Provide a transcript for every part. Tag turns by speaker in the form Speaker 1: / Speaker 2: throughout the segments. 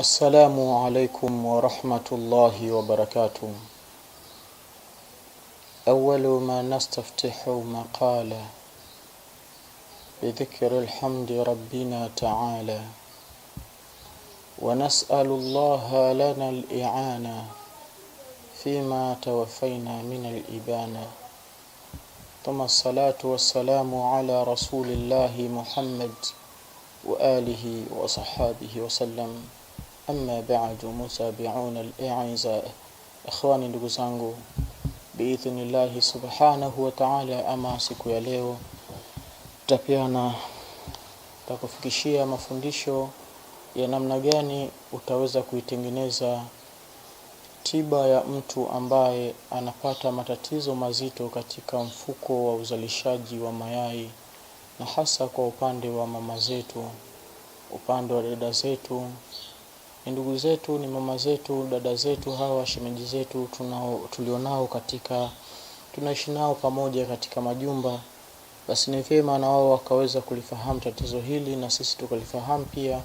Speaker 1: السلام عليكم ورحمة الله وبركاته أول ما نستفتح مقالة بذكر الحمد ربنا تعالى ونسأل الله لنا الإعانة فيما توفينا من الإبانة ثم الصلاة والسلام على رسول الله محمد وآله وصحابه وسلم Amma baadu, mutabiuna al-aiza, ikhwani, ndugu zangu, biidhnillahi subhanahu wa ta'ala. Ama siku ya leo tutapeana, tutakufikishia mafundisho ya namna gani utaweza kuitengeneza tiba ya mtu ambaye anapata matatizo mazito katika mfuko wa uzalishaji wa mayai, na hasa kwa upande wa mama zetu, upande wa dada zetu ni ndugu zetu, ni mama zetu, dada zetu, hawa shemeji zetu tunao tulionao katika tunaishi nao pamoja katika majumba, basi ni vyema na wao wakaweza kulifahamu tatizo hili na sisi tukalifahamu pia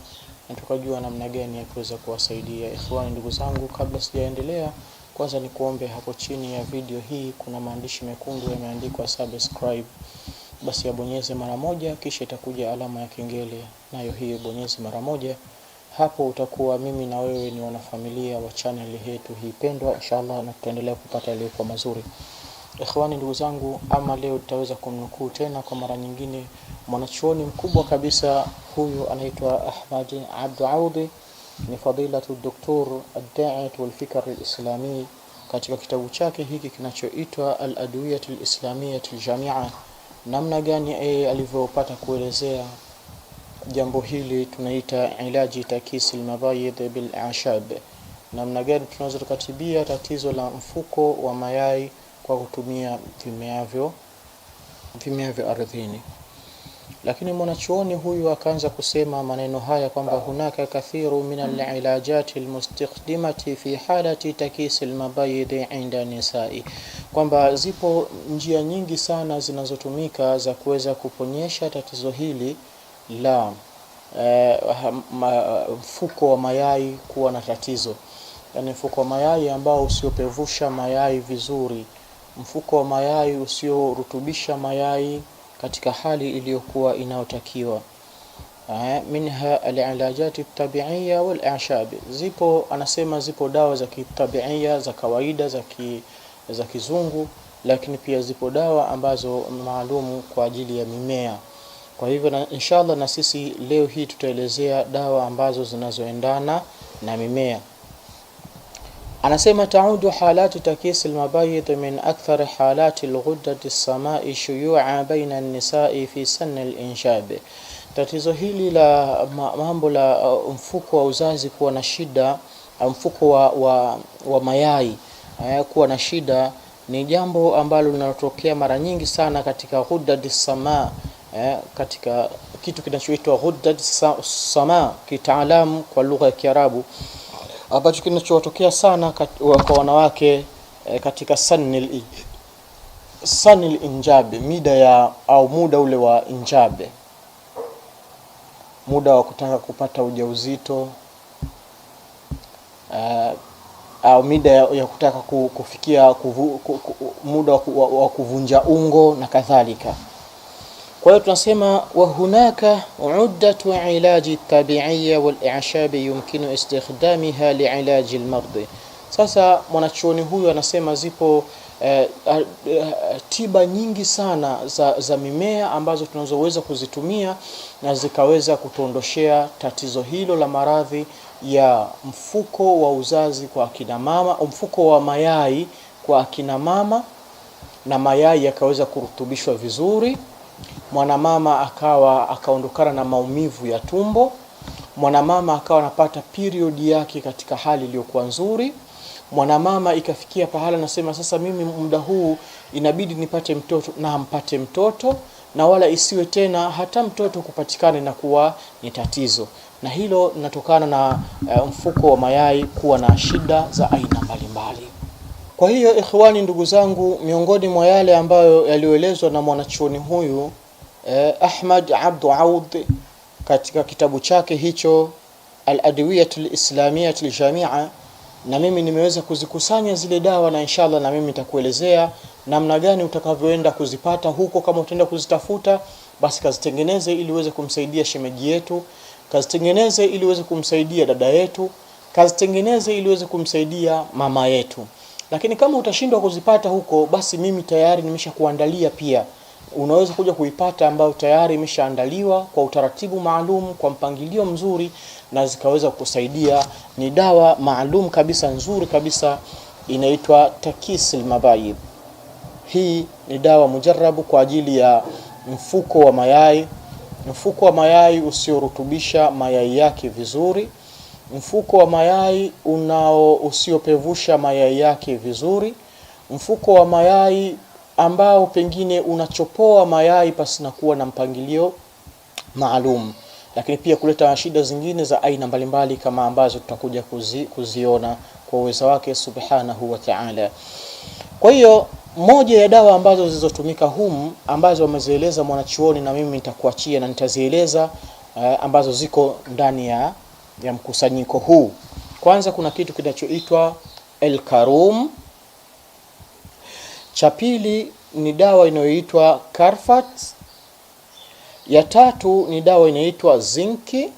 Speaker 1: na tukajua namna gani ya kuweza kuwasaidia. Ikhwani, ndugu zangu, kabla sijaendelea, kwanza ni kuombe hapo chini ya video hii kuna maandishi mekundu yameandikwa subscribe, basi yabonyeze mara moja, kisha itakuja alama ya kengele, nayo hiyo bonyeze mara moja hapo utakuwa mimi na wewe ni wanafamilia wa channel yetu hii pendwa, inshallah, na tutaendelea kupata yale kwa mazuri. Ikhwani, ndugu zangu, ama leo tutaweza kumnukuu tena kwa mara nyingine mwanachuoni mkubwa kabisa huyu, anaitwa Ahmad Abdu Audi, ni fadilatu Doktor fikr al-islami katika kitabu chake hiki kinachoitwa al-adwiyat al Aladwiyat al-jami'a namna gani yeye alivyopata kuelezea jambo hili tunaita ilaji takisil almabayid bil ashab. Namna gani tunaweza tukatibia tatizo la mfuko wa mayai kwa kutumia vimeavyo vimeavyo ardhini. Lakini mwanachuoni huyu akaanza kusema maneno haya kwamba hunaka kathiru min alilajati almustakhdimati fi halati takisi almabayid inda nisai, kwamba zipo njia nyingi sana zinazotumika za kuweza kuponyesha tatizo hili la eh, ma, mfuko wa mayai kuwa na tatizo, yaani mfuko wa mayai ambao usiopevusha mayai vizuri, mfuko wa mayai usiorutubisha mayai katika hali iliyokuwa inayotakiwa. Eh, minha alilajati wal ashabi, zipo anasema, zipo dawa za kitabiia za kawaida za ki, za kizungu, lakini pia zipo dawa ambazo maalumu kwa ajili ya mimea. Kwa hivyo na inshallah, na sisi leo hii tutaelezea dawa ambazo zinazoendana na mimea. Anasema taudu halatu takis almabayit min akthar halati alghuddati samai shuyu'a baina an-nisa'i fi sann al-inshab. Tatizo hili la mambo la uh, mfuko wa uzazi kuwa na shida, uh, mfuko wa, wa, wa mayai eh, kuwa na shida ni jambo ambalo linatokea mara nyingi sana katika ghuddati samaa eh, katika kitu kinachoitwa ghuddat sama kitaalamu kwa lugha ya Kiarabu ambacho kinachotokea sana kat, kwa wanawake eh, katika sanil sanil injabe mida ya au muda ule wa injabe muda wa kutaka kupata ujauzito uh, au mida ya, ya kutaka kufikia kuvu, ku, muda wa, wa, wa kuvunja ungo na kadhalika kwa hiyo tunasema wa hunaka uddatu ilaji tabiiya wal i'shabi yumkinu istikhdamiha liilaji lmardi. Sasa mwanachuoni huyu anasema zipo eh, eh, tiba nyingi sana za, za mimea ambazo tunazoweza kuzitumia na zikaweza kutuondoshea tatizo hilo la maradhi ya mfuko wa uzazi kwa akina mama, mfuko wa mayai kwa akina mama, na mayai yakaweza kurutubishwa vizuri mwanamama akawa akaondokana na maumivu ya tumbo, mwanamama akawa anapata period yake katika hali iliyokuwa nzuri, mwanamama ikafikia pahala nasema sasa, mimi muda huu inabidi nipate mtoto na ampate mtoto, na wala isiwe tena hata mtoto kupatikana kuwa ni tatizo, na hilo linatokana na uh, mfuko wa mayai kuwa na shida za aina mbalimbali. Kwa hiyo, ikhwani, ndugu zangu, miongoni mwa yale ambayo yaliyoelezwa na mwanachuoni huyu eh, Ahmad Abdu Aud katika kitabu chake hicho Al-Adwiyat al-Islamiyat al-Jamia, na mimi nimeweza kuzikusanya zile dawa, na inshallah na mimi nitakuelezea namna gani utakavyoenda kuzipata huko. Kama utaenda kuzitafuta, basi kazitengeneze ili uweze kumsaidia shemeji yetu, kazitengeneze ili uweze kumsaidia dada yetu, kazitengeneze ili uweze kumsaidia mama yetu. Lakini kama utashindwa kuzipata huko, basi mimi tayari nimeshakuandalia pia unaweza kuja kuipata ambayo tayari imeshaandaliwa kwa utaratibu maalum kwa mpangilio mzuri, na zikaweza kukusaidia. Ni dawa maalum kabisa nzuri kabisa, inaitwa takisil mabayid. Hii ni dawa mujarabu kwa ajili ya mfuko wa mayai, mfuko wa mayai usiorutubisha mayai yake vizuri, mfuko wa mayai unao usiopevusha mayai yake vizuri, mfuko wa mayai ambao pengine unachopoa mayai na kuwa na mpangilio maalum, lakini pia kuleta shida zingine za aina mbalimbali kama ambazo tutakuja kuzi, kuziona kwa uwezo wake subhanahu wa ta'ala. Kwa hiyo moja ya dawa ambazo zilizotumika humu ambazo wamezieleza mwanachuoni na mimi nitakuachia na nitazieleza eh, ambazo ziko ndani ya, ya mkusanyiko huu. Kwanza kuna kitu kinachoitwa karum cha pili ni dawa inayoitwa Carfat. Ya tatu ni dawa inaitwa zinki.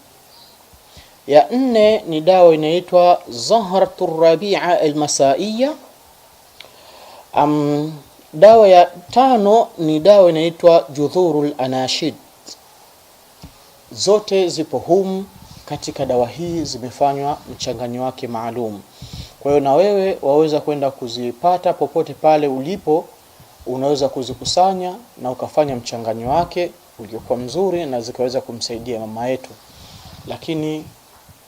Speaker 1: Ya nne ni dawa inaitwa Zahratu Rabia Almasaiya. Um, dawa ya tano ni dawa inaitwa judhuru lanashid Zote zipo humu katika dawa hii, zimefanywa mchanganyo wake maalum. Kwa hiyo na wewe waweza kwenda kuzipata popote pale ulipo, unaweza kuzikusanya na ukafanya mchanganyo wake uliokuwa mzuri na zikaweza kumsaidia mama yetu. Lakini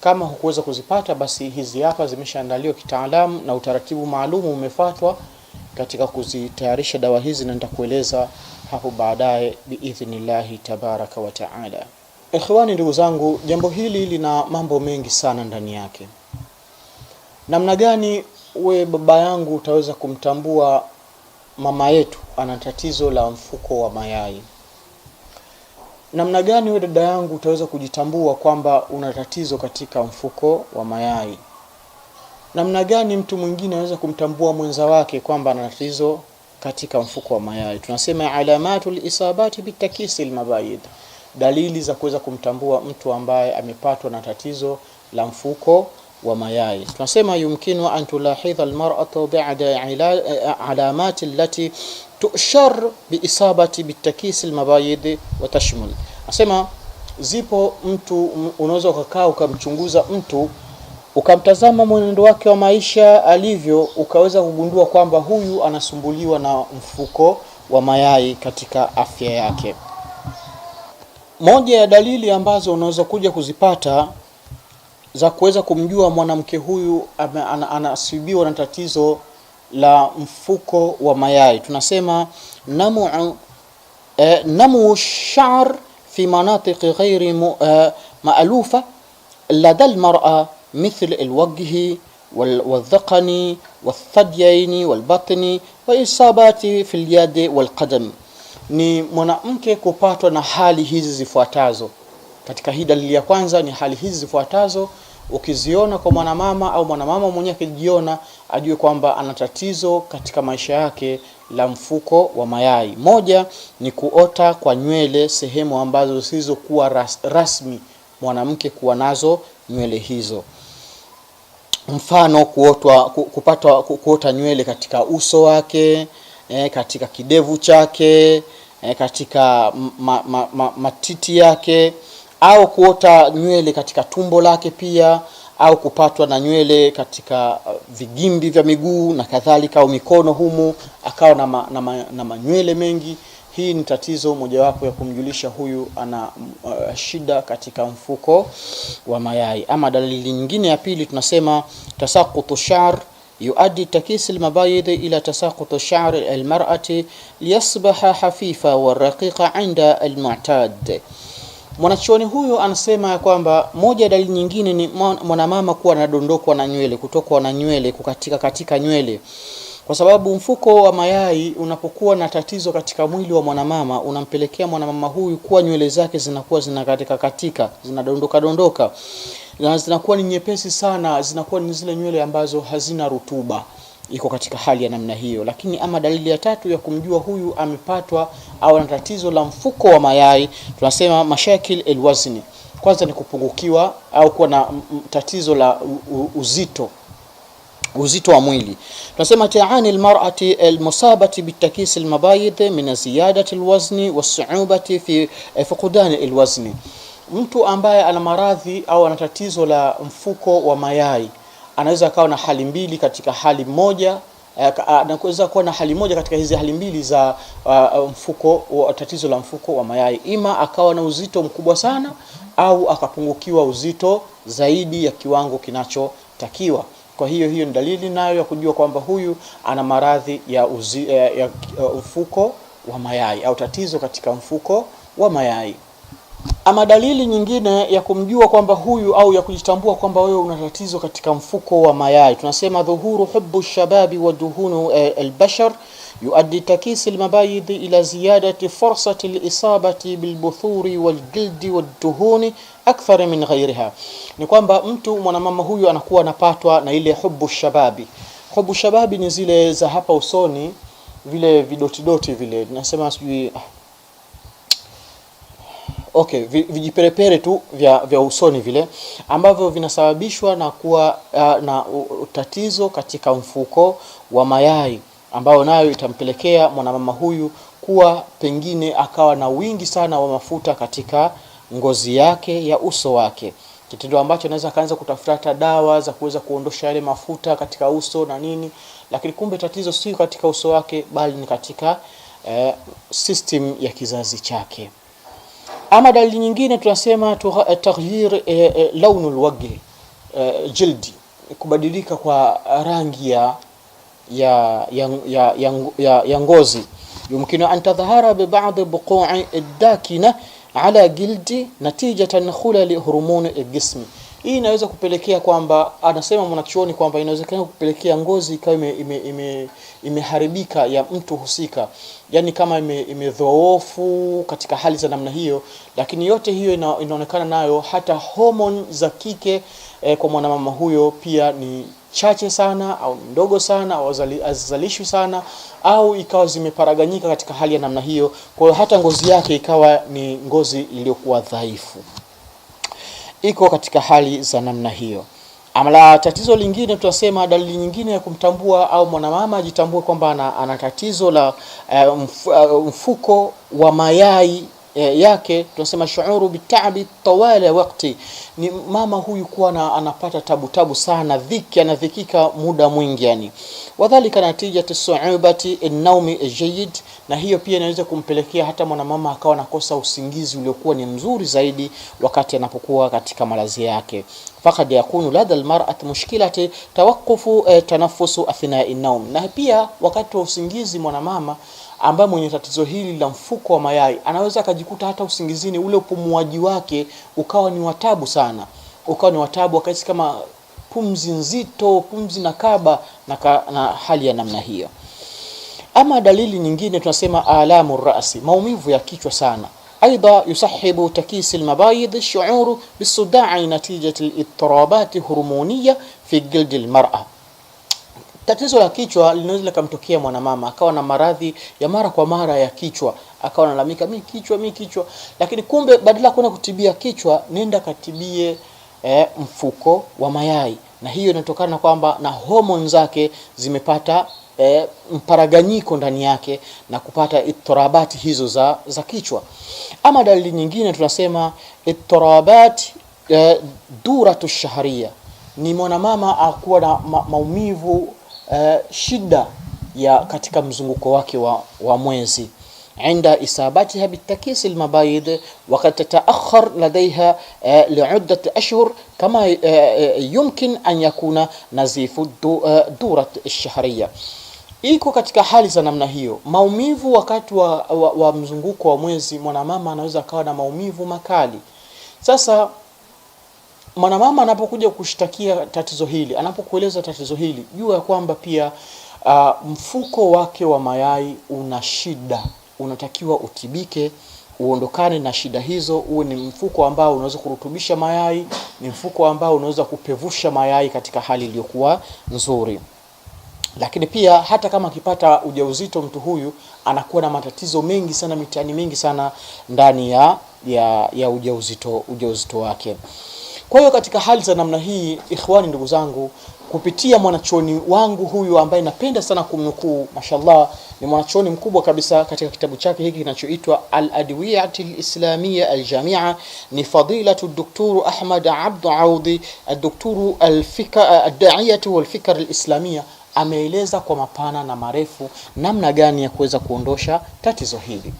Speaker 1: kama hukuweza kuzipata, basi hizi hapa zimeshaandaliwa kitaalamu na utaratibu maalum umefuatwa katika kuzitayarisha dawa hizi, na nitakueleza hapo baadaye biidhnillahi tabaraka wa taala. Ikhwani, ndugu zangu, jambo hili lina mambo mengi sana ndani yake namna gani we baba yangu utaweza kumtambua mama yetu ana tatizo la mfuko wa mayai? Namna gani we dada yangu utaweza kujitambua kwamba una tatizo katika mfuko wa mayai? Namna gani mtu mwingine anaweza kumtambua mwenza wake kwamba ana tatizo katika mfuko wa mayai? Tunasema alamatu lisabati bitakisi lmabayid, dalili za kuweza kumtambua mtu ambaye amepatwa na tatizo la mfuko wa mayai. Tunasema yumkinu an tulahidha almar'atu ba'da alamati allati tushar biisabati bitakisi almabayid wa tashmul. Nasema zipo mtu, unaweza ukakaa ukamchunguza mtu ukamtazama mwenendo wake wa maisha alivyo, ukaweza kugundua kwamba huyu anasumbuliwa na mfuko wa mayai katika afya yake. Moja ya dalili ambazo unaweza kuja kuzipata za kuweza kumjua mwanamke huyu anasibiwa na tatizo la mfuko wa mayai, tunasema namu, eh, namu sha'r fi manatiqi ghairi maalufa eh, lada lmara mithl alwajhi waldhaqani walthadyaini walbatni waisabati fi lyadi walqadam, ni mwanamke kupatwa na hali hizi zifuatazo katika hii dalili ya kwanza ni hali hizi zifuatazo, ukiziona kwa mwanamama au mwanamama mwenyewe akijiona, ajue kwamba ana tatizo katika maisha yake la mfuko wa mayai. Moja ni kuota kwa nywele sehemu ambazo zisizokuwa ras, rasmi mwanamke kuwa nazo nywele hizo. Mfano kuotwa, kupata, kuota nywele katika uso wake, eh, katika kidevu chake, eh, katika ma, ma, ma, matiti yake au kuota nywele katika tumbo lake pia au kupatwa na nywele katika uh, vigimbi vya miguu na kadhalika, au mikono humu akawa na, ma, na, ma, na manywele mengi. Hii ni tatizo mojawapo ya kumjulisha huyu ana uh, shida katika mfuko wa mayai. Ama dalili nyingine ya pili tunasema tasaqutu shar yuaddi takis almabayid ila tasaqutu shar almar'ati liyasbaha hafifa wa raqiqa inda almu'tad Mwanachuoni huyu anasema ya kwamba moja ya dalili nyingine ni mwanamama kuwa anadondokwa na nywele, kutokwa na nywele, kukatika katika nywele, kwa sababu mfuko wa mayai unapokuwa na tatizo katika mwili wa mwanamama unampelekea mwanamama huyu kuwa nywele zake zinakuwa zinakatika katika, zinadondoka dondoka na zinakuwa ni nyepesi sana, zinakuwa ni zile nywele ambazo hazina rutuba iko katika hali ya namna hiyo. Lakini ama dalili ya tatu ya kumjua huyu amepatwa au na tatizo la mfuko wa mayai, tunasema mashakil alwazni, kwanza ni kupungukiwa au kuwa na tatizo la uzito uzito wa mwili. Tunasema taani almar'ati almusabati bitakis almabayid min ziyadati alwazni wasu'ubati fi eh, fuqdan alwazni, mtu ambaye ana maradhi au ana tatizo la mfuko wa mayai anaweza akawa na hali mbili katika hali moja eh, anaweza ah, kuwa na hali moja katika hizi hali mbili za uh, mfuko wa, tatizo la mfuko wa mayai, ima akawa na uzito mkubwa sana au akapungukiwa uzito zaidi ya kiwango kinachotakiwa. Kwa hiyo hiyo ni dalili nayo ya kujua kwamba huyu ana maradhi ya, uzi, eh, ya, ya, eh, mfuko wa mayai au tatizo katika mfuko wa mayai. Ama dalili nyingine ya kumjua kwamba huyu au ya kujitambua kwamba wewe una tatizo katika mfuko wa mayai, tunasema dhuhuru hubbu shababi wa duhunu eh, albashar yuaddi takisi almabayid ila ziyadati fursati lisabati bilbuthuri waljildi waduhuni akthar min ghairiha, ni kwamba mtu mwanamama huyu anakuwa anapatwa na ile hubbu shababi. Hubbu shababi ni zile za hapa usoni, vile vidotidoti vile, tunasema sijui ah, okay, vijiperepere tu vya, vya usoni vile ambavyo vinasababishwa na kuwa uh, na tatizo katika mfuko wa mayai ambayo nayo itampelekea mwanamama huyu kuwa pengine akawa na wingi sana wa mafuta katika ngozi yake ya uso wake, kitendo ambacho anaweza akaanza kutafuta dawa za kuweza kuondosha yale mafuta katika uso na nini, lakini kumbe tatizo sio katika uso wake, bali ni katika eh, system ya kizazi chake. Ama dalili nyingine tunasema eh, taghyir e, eh, e, eh, launul wajhi e, jildi, kubadilika kwa rangi ya, ya, ya, ya, ya, ya, ya ngozi. Yumkinu an tadhahara bi ba'd buqu'i dakina ala jildi natijatan khulal hormon al jismi hii inaweza kupelekea kwamba, anasema mwanachuoni kwamba inawezekana kupelekea ngozi ikawa imeharibika ime, ime, imeharibika ya mtu husika, yaani kama imedhoofu ime katika hali za namna hiyo. Lakini yote hiyo ina, inaonekana nayo hata homoni za kike eh, kwa mwanamama huyo pia ni chache sana au ndogo sana au hazizalishwi sana au ikawa zimeparaganyika katika hali ya namna hiyo. Kwa hiyo hata ngozi yake ikawa ni ngozi iliyokuwa dhaifu iko katika hali za namna hiyo. Amla, tatizo lingine tunasema, dalili nyingine ya kumtambua au mwanamama ajitambue kwamba ana, tatizo la eh, eh, mfuko wa mayai e, yake tunasema shuuru bitabi tawala wakti, ni mama huyu kuwa na, anapata tabu tabu sana, dhiki anadhikika muda mwingi yani. Wadhalika natijati suubati naumi jayid na hiyo pia inaweza kumpelekea hata mwanamama akawa nakosa usingizi uliokuwa ni mzuri zaidi wakati anapokuwa katika malazi yake. Fakad yakunu ladha almar'at mushkilati tawaqufu eh, tanafusu athnai naum, na pia wakati wa usingizi mwanamama ambaye mwenye tatizo hili la mfuko wa mayai anaweza akajikuta hata usingizini ule upumuaji wake ukawa ni watabu sana, ukawa ni watabu, akahisi kama pumzi nzito, pumzi na kaba na, ka, na hali ya namna hiyo. Ama dalili nyingine tunasema alamu rasi, maumivu ya kichwa sana. Aidha, yusahibu takisi lmabayid shuuru bisudai natijati lidtirabati hormoniya fi jildi lmara Tatizo la kichwa linaweza likamtokea mwanamama akawa na maradhi ya mara kwa mara ya kichwa, akawa analalamika mi kichwa mi kichwa, lakini kumbe badala kwenda kutibia kichwa, nenda katibie eh, mfuko wa mayai, na hiyo inatokana kwamba na homoni zake zimepata eh, mparaganyiko ndani yake na kupata itorabati hizo za, za kichwa. Ama dalili nyingine tunasema itorabati eh, duratu shaharia ni mwanamama akuwa na ma, maumivu uh, shida ya katika mzunguko wake wa, wa mwezi inda isabatiha bitakisi almabayid wakad tataakhar ladaiha uh, eh, liuddat ashhur kama uh, uh, yumkin an yakuna nazifu du, uh, durat shahriya iko katika hali za namna hiyo. Maumivu wakati wa, wa, wa mzunguko wa mwezi, mwanamama anaweza akawa na maumivu makali. Sasa mwanamama anapokuja kushtakia tatizo hili, anapokueleza tatizo hili, jua ya kwamba pia uh, mfuko wake wa mayai una shida, unatakiwa utibike, uondokane na shida hizo, uwe ni mfuko ambao unaweza kurutubisha mayai, ni mfuko ambao unaweza kupevusha mayai katika hali iliyokuwa nzuri. Lakini pia hata kama akipata ujauzito mtu huyu anakuwa na matatizo mengi sana, mitihani mingi sana ndani ya, ya, ya ujauzito ujauzito wake. Kwa hiyo katika hali za namna hii, ikhwani, ndugu zangu, kupitia mwanachuoni wangu huyu ambaye napenda sana kumnukuu, mashallah, ni mwanachuoni mkubwa kabisa katika kitabu chake hiki kinachoitwa Al-Adwiyat al Islamia al-Jami'a, ni fadilatu Dr. Ahmad Abd Audi ad-Dr. al-Da'iyah wal-Fikr al Islamia ameeleza kwa mapana na marefu namna gani ya kuweza kuondosha tatizo hili,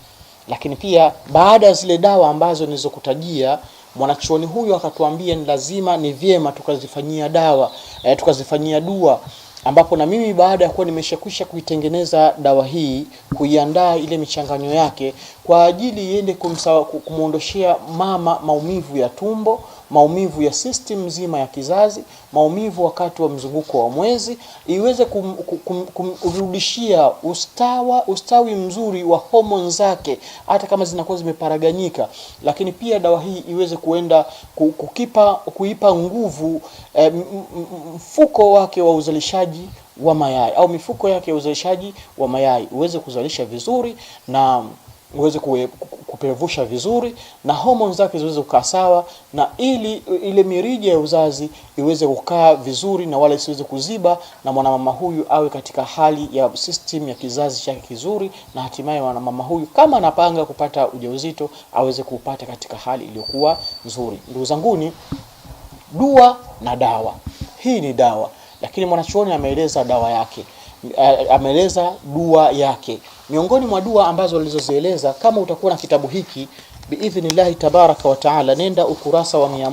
Speaker 1: lakini pia baada ya zile dawa ambazo nilizokutajia Mwanachuoni huyo akatuambia ni lazima, ni vyema tukazifanyia dawa e, tukazifanyia dua, ambapo na mimi baada ya kuwa nimeshakwisha kuitengeneza dawa hii, kuiandaa ile michanganyo yake kwa ajili iende kumwondoshea mama maumivu ya tumbo maumivu ya system nzima ya kizazi, maumivu wakati wa mzunguko wa mwezi, iweze kumrudishia kum, kum, ustawa ustawi mzuri wa homoni zake, hata kama zinakuwa zimeparaganyika, lakini pia dawa hii iweze kuenda kukipa kuipa nguvu eh, mfuko wake wa uzalishaji wa mayai au mifuko yake ya uzalishaji wa mayai uweze kuzalisha vizuri na uweze kupevusha vizuri na homoni zake ziweze kukaa sawa, na ili ile mirija ya uzazi iweze kukaa vizuri na wala isiweze kuziba, na mwanamama huyu awe katika hali ya system ya kizazi chake kizuri, na hatimaye mwanamama huyu kama anapanga kupata ujauzito aweze kupata katika hali iliyokuwa nzuri. Ndugu zanguni, dua na dawa. Hii ni dawa, lakini mwanachuoni ameeleza dawa yake, eh, ameeleza dua yake Miongoni mwa dua ambazo alizozieleza kama utakuwa na kitabu hiki biidhnillahi tabaraka wa taala, nenda ukurasa wa mia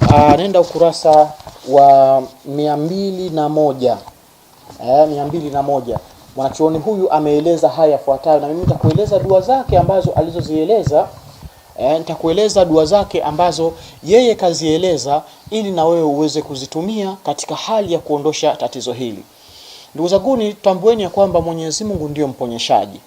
Speaker 1: aa, ah, nenda ukurasa wa na moja eh, na moja mwanachuoni huyu ameeleza haya yafuatayo, na mimi nitakueleza dua zake ambazo alizozieleza eh, nitakueleza dua zake ambazo yeye kazieleza ili na wewe uweze kuzitumia katika hali ya kuondosha tatizo hili. Ndugu zanguni, tambueni ya kwamba Mwenyezi Mungu ndio mponyeshaji.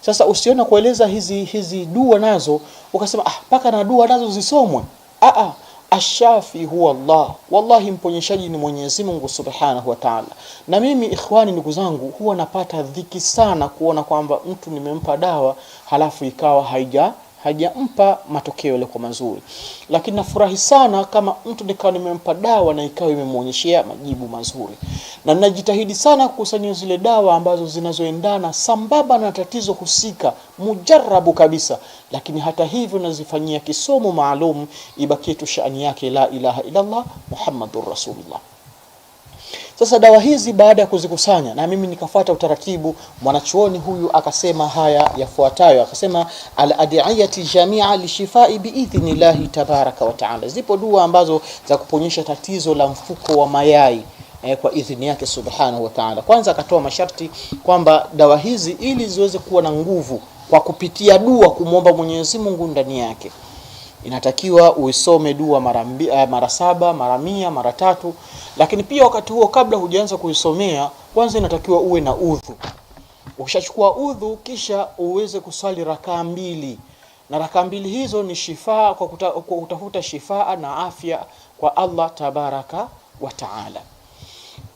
Speaker 1: Sasa usiona kueleza hizi hizi dua nazo ukasema ah, paka na dua nazo zisomwe. Ah ah, ashafi huwa Allah, wallahi mponyeshaji ni Mwenyezi Mungu subhanahu wa taala. Na mimi ikhwani, ndugu zangu, huwa napata dhiki sana kuona kwamba mtu nimempa dawa halafu ikawa haija hajampa matokeo yaliyokuwa mazuri, lakini nafurahi sana kama mtu nikawa nimempa dawa na ikawa imemwonyeshea majibu mazuri, na ninajitahidi sana kukusanya zile dawa ambazo zinazoendana sambamba na tatizo husika mujarabu kabisa, lakini hata hivyo nazifanyia kisomo maalum, ibakie tu shaani yake la ilaha illallah muhammadur rasulullah. Sasa dawa hizi baada ya kuzikusanya na mimi nikafuata utaratibu, mwanachuoni huyu akasema haya yafuatayo, akasema al-adiyati jamia lishifai biidhnillahi tabaraka wa taala. Zipo dua ambazo za kuponyesha tatizo la mfuko wa mayai eh, kwa idhini yake subhanahu wa taala. Kwanza akatoa masharti kwamba dawa hizi ili ziweze kuwa na nguvu kwa kupitia dua kumwomba Mwenyezi Mungu ndani yake inatakiwa uisome dua mara eh, mara saba mara mia mara tatu. Lakini pia wakati huo, kabla hujaanza kuisomea, kwanza inatakiwa uwe na udhu. Ukishachukua udhu, kisha uweze kuswali rakaa mbili, na rakaa mbili hizo ni shifaa kwa, kuta, kwa kutafuta shifaa na afya kwa Allah tabaraka wa taala.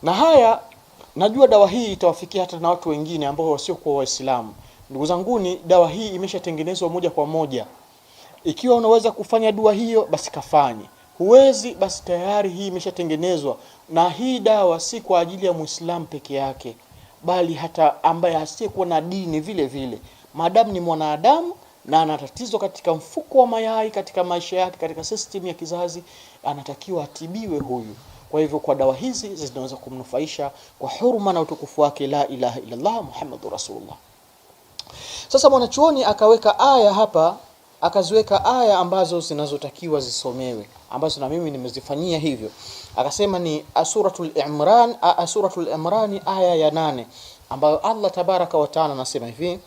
Speaker 1: Na haya najua dawa hii itawafikia hata na watu wengine ambao wasiokuwa Waislamu. Ndugu zanguni, dawa hii imeshatengenezwa moja kwa moja ikiwa unaweza kufanya dua hiyo, basi kafanye. Huwezi, basi tayari hii imeshatengenezwa, na hii dawa si kwa ajili ya Muislamu peke yake, bali hata ambaye asiyekuwa na dini vile vile, maadamu ni mwanadamu na ana tatizo katika mfuko wa mayai, katika maisha yake, katika system ya kizazi, anatakiwa atibiwe huyu. Kwa hivyo kwa dawa hizi zinaweza kumnufaisha kwa huruma na utukufu wake, la ilaha illallah muhammadur rasulullah. Sasa mwanachuoni akaweka aya hapa akaziweka aya ambazo zinazotakiwa zisomewe ambazo na mimi nimezifanyia hivyo akasema ni suratul imran suratul imran aya ya nane ambayo Allah tabaraka wa taala anasema hivi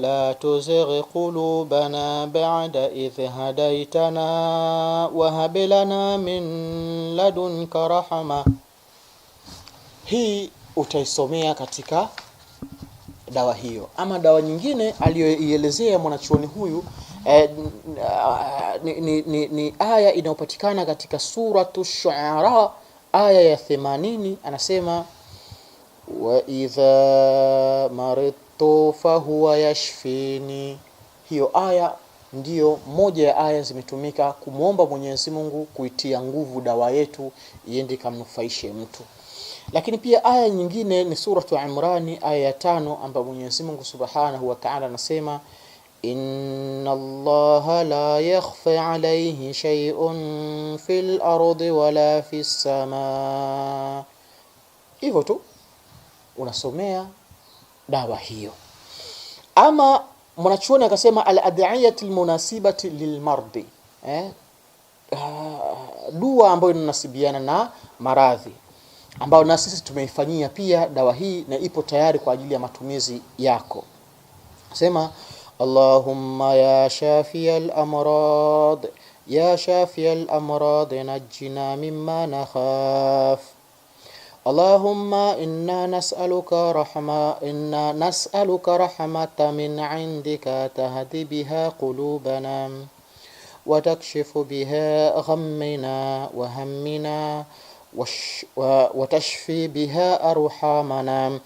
Speaker 1: la tuzigh qulubana ba'da idh hadaytana wa hab lana min ladunka rahma هي utaisomea katika dawa hiyo. Ama dawa nyingine aliyoielezea mwanachuoni huyu eh, ni, ni, ni, ni aya inayopatikana katika suratu Shuara aya ya 80, anasema wa idha maridtu fahuwa yashfini. Hiyo aya ndiyo moja ya aya zimetumika kumwomba Mwenyezi Mungu kuitia nguvu dawa yetu iende ikamnufaishe mtu. Lakini pia aya nyingine ni Suratu Imrani aya ya tano, ambapo Mwenyezi Mungu Subhanahu wa Ta'ala anasema inna Allaha la yakhfa alayhi shay'un fil ardi wala fis samaa. Hivyo tu unasomea dawa hiyo ama mwanachuoni akasema al-ad'iyat lilmardi eh? Uh, dua ambayo inanasibiana na maradhi ambayo na sisi tumeifanyia pia dawa hii na ipo tayari kwa ajili ya matumizi yako. Sema Allahumma ya shafia al-amrad ya shafia al-amrad najjina mimma nakhaf اللهم إنا نسألك رحمة إنا نسألك رحمة من عندك تهدي بها قلوبنا وتكشف بها غمنا وهمنا وتشفي بها أرحامنا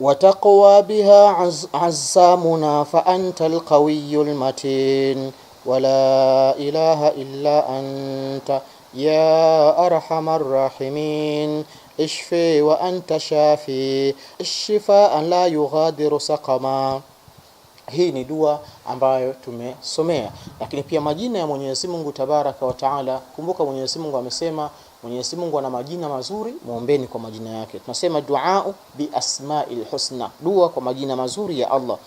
Speaker 1: وتقوى بها عزامنا فأنت القوي المتين ولا إله إلا أنت يا أرحم الراحمين ishfi wa anta shafi shifaa la yughadiru sakama. Hii ni dua ambayo tumesomea, lakini pia majina ya Mwenyezi Mungu Tabaraka wa Taala. Kumbuka Mwenyezi Mungu amesema, Mwenyezi Mungu ana majina mazuri, mwombeni kwa majina yake. Tunasema duau bi asmail husna, dua kwa majina mazuri ya Allah.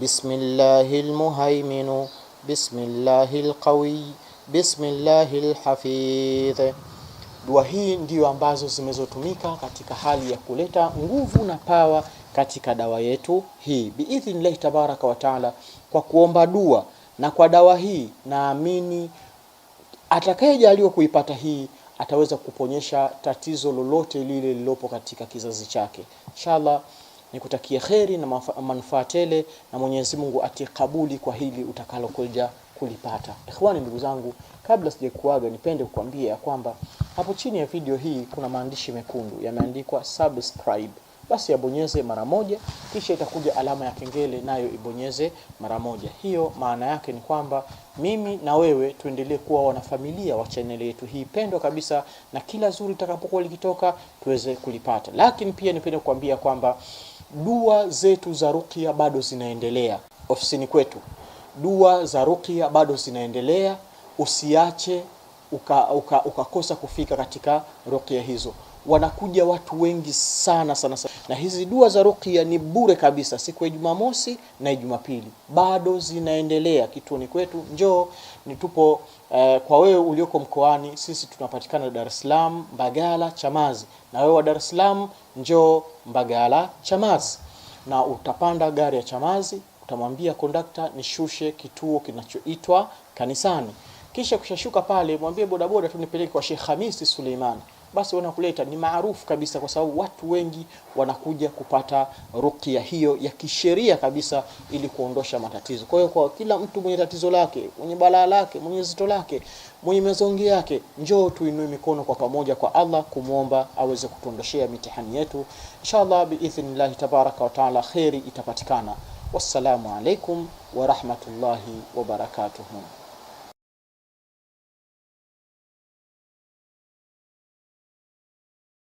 Speaker 1: Bismillahil muhaiminu bismillahil qawi bismillahil hafidh Dua hii ndiyo ambazo zimezotumika katika hali ya kuleta nguvu na pawa katika dawa yetu hii biidhnillahi tabaraka wataala. Kwa kuomba dua na kwa dawa hii, naamini atakayejaliwa kuipata hii ataweza kuponyesha tatizo lolote lile lilopo katika kizazi chake inshallah. Nikutakie kheri na manufaa tele, na Mwenyezi Mungu atikabuli kwa hili utakalokuja kulipata. Ikhwani, ndugu zangu. Kabla sijakuaga, nipende kukwambia ya kwamba hapo chini ya video hii kuna maandishi mekundu yameandikwa subscribe. Basi yabonyeze mara moja, kisha itakuja alama ya kengele, nayo ibonyeze mara moja. Hiyo maana yake ni kwamba mimi na wewe tuendelee kuwa wanafamilia wa chaneli yetu hii pendwa kabisa, na kila zuri litakapokuwa likitoka tuweze kulipata. Lakini pia nipende kukwambia kwamba dua zetu za rukia bado zinaendelea ofisini kwetu, dua za rukia bado zinaendelea usiache ukakosa uka, uka kufika katika ruqya hizo. Wanakuja watu wengi sana sana sana, na hizi dua za ruqya ni bure kabisa, siku ya Jumamosi na Jumapili bado zinaendelea kituoni kwetu. Njoo ni tupo eh, kwa wewe ulioko mkoani, sisi tunapatikana Dar es Salaam, Mbagala, Chamazi, na wewe wa Dar es Salaam njoo Mbagala, Chamazi, na utapanda gari ya Chamazi, utamwambia kondakta nishushe kituo kinachoitwa kanisani kisha kushashuka pale, mwambie bodaboda tunipeleke kwa Sheikh Hamis Suleiman, basi wanakuleta. Ni maarufu kabisa, kwa sababu watu wengi wanakuja kupata ruqya hiyo ya kisheria kabisa, ili kuondosha matatizo. Kwa hiyo, kwa kila mtu mwenye tatizo lake, mwenye balaa lake, mwenye zito lake, mwenye mezongi yake, njoo tuinue mikono kwa pamoja kwa Allah kumwomba aweze kutuondoshea mitihani yetu inshallah, biithnillah tabaraka wa taala, khairi itapatikana. Wassalamu alaikum wa rahmatullahi wa barakatuh.